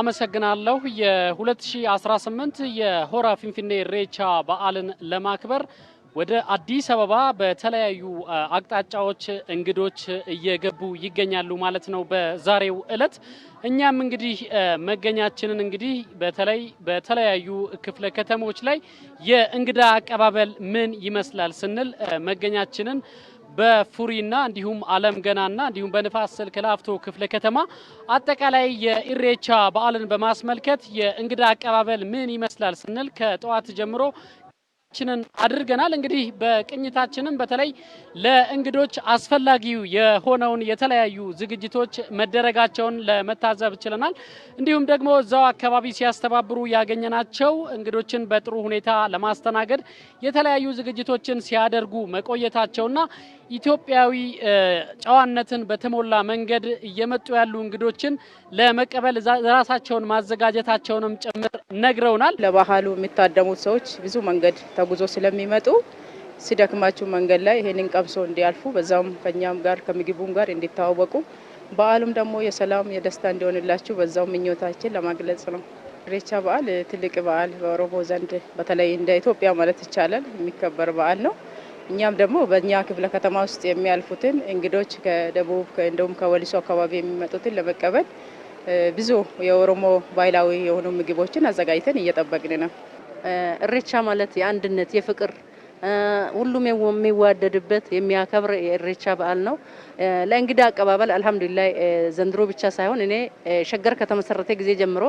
አመሰግናለሁ። የ2018 የሆራ ፊንፊኔ ሬቻ በዓልን ለማክበር ወደ አዲስ አበባ በተለያዩ አቅጣጫዎች እንግዶች እየገቡ ይገኛሉ ማለት ነው። በዛሬው እለት እኛም እንግዲህ መገኛችንን እንግዲህ በተለይ በተለያዩ ክፍለ ከተሞች ላይ የእንግዳ አቀባበል ምን ይመስላል ስንል መገኛችንን በፉሪና እንዲሁም አለም ገናና እንዲሁም በንፋስ ስልክ ላፍቶ ክፍለ ከተማ አጠቃላይ የኢሬቻ በዓልን በማስመልከት የእንግዳ አቀባበል ምን ይመስላል ስንል ከጠዋት ጀምሮ ችንን አድርገናል። እንግዲህ በቅኝታችንም በተለይ ለእንግዶች አስፈላጊው የሆነውን የተለያዩ ዝግጅቶች መደረጋቸውን ለመታዘብ ችለናል። እንዲሁም ደግሞ እዛው አካባቢ ሲያስተባብሩ ያገኘናቸው እንግዶችን በጥሩ ሁኔታ ለማስተናገድ የተለያዩ ዝግጅቶችን ሲያደርጉ መቆየታቸውና ኢትዮጵያዊ ጨዋነትን በተሞላ መንገድ እየመጡ ያሉ እንግዶችን ለመቀበል ራሳቸውን ማዘጋጀታቸውንም ጭምር ነግረውናል። ለባህሉ የሚታደሙት ሰዎች ብዙ መንገድ ከጉዞ ስለሚመጡ ሲደክማችሁ መንገድ ላይ ይሄንን ቀምሶ እንዲያልፉ በዛም ከኛም ጋር ከምግቡም ጋር እንዲተዋወቁ በዓሉም ደግሞ የሰላም የደስታ እንዲሆንላችሁ በዛው ምኞታችን ለማግለጽ ነው። ኢሬቻ በዓል ትልቅ በዓል በኦሮሞ ዘንድ በተለይ እንደ ኢትዮጵያ ማለት ይቻላል የሚከበር በዓል ነው። እኛም ደግሞ በእኛ ክፍለ ከተማ ውስጥ የሚያልፉትን እንግዶች ከደቡብ እንደውም ከወሊሶ አካባቢ የሚመጡትን ለመቀበል ብዙ የኦሮሞ ባህላዊ የሆኑ ምግቦችን አዘጋጅተን እየጠበቅን ነው። እሬቻ ማለት የአንድነት የፍቅር ሁሉም የሚዋደድበት የሚያከብር የእሬቻ በዓል ነው። ለእንግዳ አቀባበል አልሐምዱሊላህ ዘንድሮ ብቻ ሳይሆን እኔ ሸገር ከተመሰረተ ጊዜ ጀምሮ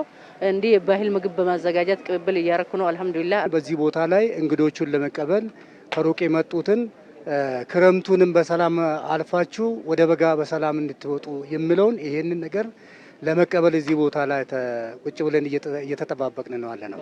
እንዲህ የባህል ምግብ በማዘጋጀት ቅብብል እያረኩ ነው። አልሐምዱሊላህ በዚህ ቦታ ላይ እንግዶቹን ለመቀበል ከሩቅ የመጡትን ክረምቱንም በሰላም አልፋችሁ ወደ በጋ በሰላም እንድትወጡ የሚለውን ይሄንን ነገር ለመቀበል እዚህ ቦታ ላይ ቁጭ ብለን እየተጠባበቅን ነው ነው።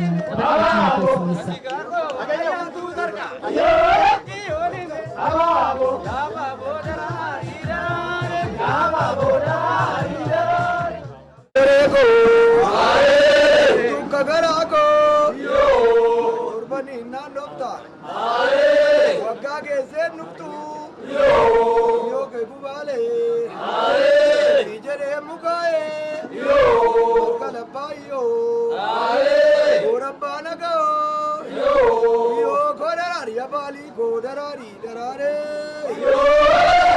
ஜபாலி கோதராரி டராரே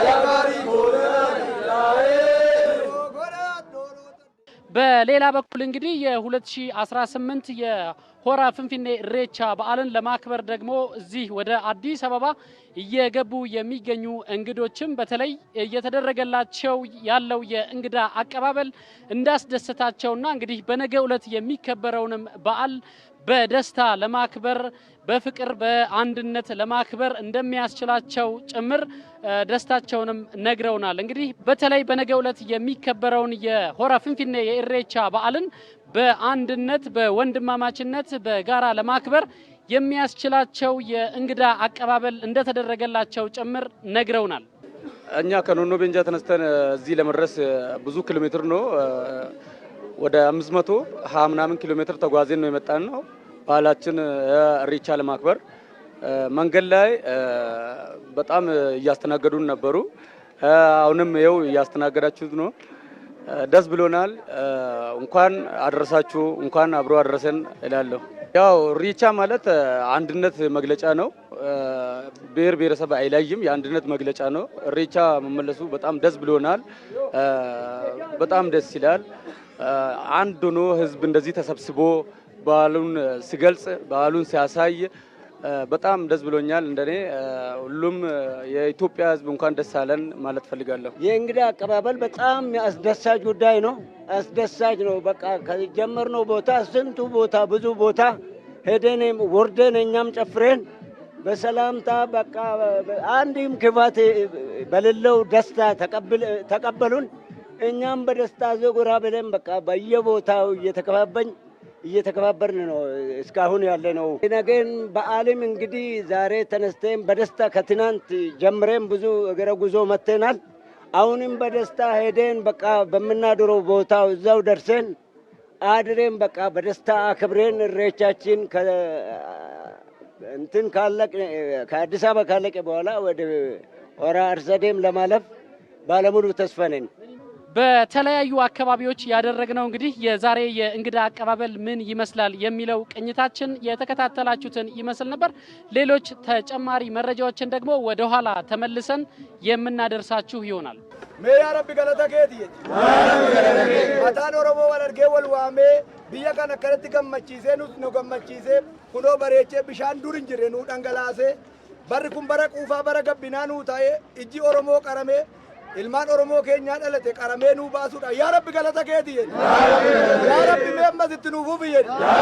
ஜபாலி கோதராரி டராரே በሌላ በኩል እንግዲህ የ2018 የሆራ ፍንፊኔ ኢሬቻ በዓልን ለማክበር ደግሞ እዚህ ወደ አዲስ አበባ እየገቡ የሚገኙ እንግዶችም በተለይ እየተደረገላቸው ያለው የእንግዳ አቀባበል እንዳስደሰታቸውና እንግዲህ በነገ ዕለት የሚከበረውንም በዓል በደስታ ለማክበር በፍቅር በአንድነት ለማክበር እንደሚያስችላቸው ጭምር ደስታቸውንም ነግረውናል። እንግዲህ በተለይ በነገ ዕለት የሚከበረውን የሆራ ፍንፊኔ የኢሬቻ በዓልን በአንድነት በወንድማማችነት በጋራ ለማክበር የሚያስችላቸው የእንግዳ አቀባበል እንደተደረገላቸው ጭምር ነግረውናል። እኛ ከኖኖ ቤንጃ ተነስተን እዚህ ለመድረስ ብዙ ኪሎ ሜትር ነው ወደ 520 ምናምን ኪሎ ሜትር ተጓዜን ነው የመጣን ነው። ባህላችን እሬቻ ለማክበር መንገድ ላይ በጣም እያስተናገዱን ነበሩ። አሁንም ይኸው እያስተናገዳችሁት ነው። ደስ ብሎናል። እንኳን አደረሳችሁ፣ እንኳን አብሮ አደረሰን እላለሁ። ያው እሬቻ ማለት አንድነት መግለጫ ነው። ብሔር ብሔረሰብ አይለይም፣ የአንድነት መግለጫ ነው። እሬቻ መመለሱ በጣም ደስ ብሎናል። በጣም ደስ ይላል። አንድ ሆኖ ህዝብ እንደዚህ ተሰብስቦ በዓሉን ሲገልጽ በዓሉን ሲያሳይ በጣም ደስ ብሎኛል። እንደኔ ሁሉም የኢትዮጵያ ህዝብ እንኳን ደስ አለን ማለት ፈልጋለሁ። የእንግዳ አቀባበል በጣም አስደሳች ጉዳይ ነው፣ አስደሳች ነው። በቃ ከጀመርነው ቦታ ስንቱ ቦታ ብዙ ቦታ ሄደን ወርደን እኛም ጨፍረን በሰላምታ በቃ አንድም ክፋት በሌለው ደስታ ተቀበሉን። እኛም በደስታ ዘጉራ ብለን በቃ በየቦታው እየተከባበኝ እየተከባበርን ነው እስካሁን ያለ ነው። ነገን በዓልም እንግዲህ ዛሬ ተነስተን በደስታ ከትናንት ጀምረን ብዙ እግረ ጉዞ መጥተናል። አሁንም በደስታ ሄደን በቃ በምናድረው ቦታው እዛው ደርሰን አድሬን በቃ በደስታ አክብሬን እሬቻችን እንትን ከአዲስ አበባ ካለቀ በኋላ ወደ ወራ አርሰዴም ለማለፍ ባለሙሉ ተስፋ ነን። በተለያዩ አካባቢዎች ያደረግነው እንግዲህ የዛሬ የእንግዳ አቀባበል ምን ይመስላል የሚለው ቅኝታችን የተከታተላችሁትን ይመስል ነበር። ሌሎች ተጨማሪ መረጃዎችን ደግሞ ወደኋላ ተመልሰን የምናደርሳችሁ ይሆናል። ሜያ ገለተ ኬት አታን ኦሮሞ ወለርጌ ወልዋሜ ብየ ከነ ከነቲ ገመቺሴ ኑት ነው ገመቺሴ ኩኖ በሬቼ ብሻን ዱር እንጅሬ ኑ ደንገላሴ በሪ ኩን በረ ቁፋ በረ ገብና ኑ ታዬ እጂ ኦሮሞ ቀረሜ ilmaan Oromoo keenyaa dhalate qaramee nuu baasuudha yaa rabbi galata keeti jedhe. Yaa rabbi mee ammas itti nuuf hubi jedhe.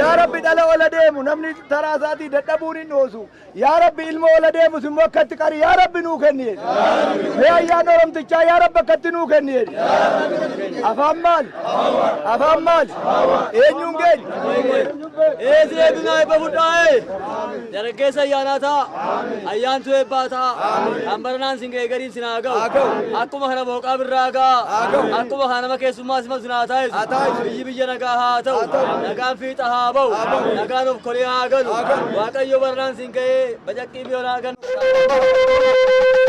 Yaa rabbi dhala ola deemu namni taraa isaatii dadhabuun hin dhoosu. Yaa rabbi ilma ola deemu simmoo akkatti qari yaa rabbi nuu kenni jedhe. Mee ayyaan Oromtichaa yaa rabbi akkatti nuu kenni jedhe. Afaan maali? Afaan maali? Eenyuun keenya? Eezi eebinaa eebba budhaa'e. Dargaggeessa ayyaanaa ta'a Ayyaantu eebbaa ta'a baranaan singa geegariin sinaa haa ga'u. akkuma kana booqaa birraa ga'a akkuma kana nama keessummaa sima sinaa taa'isu biyyi biyya nagaa haa ta'u nagaan fiixa haa ba'u nagaan of kolee haa galu waaqayyo barnaan siin ka'ee bajaqqii biyoonaa gannu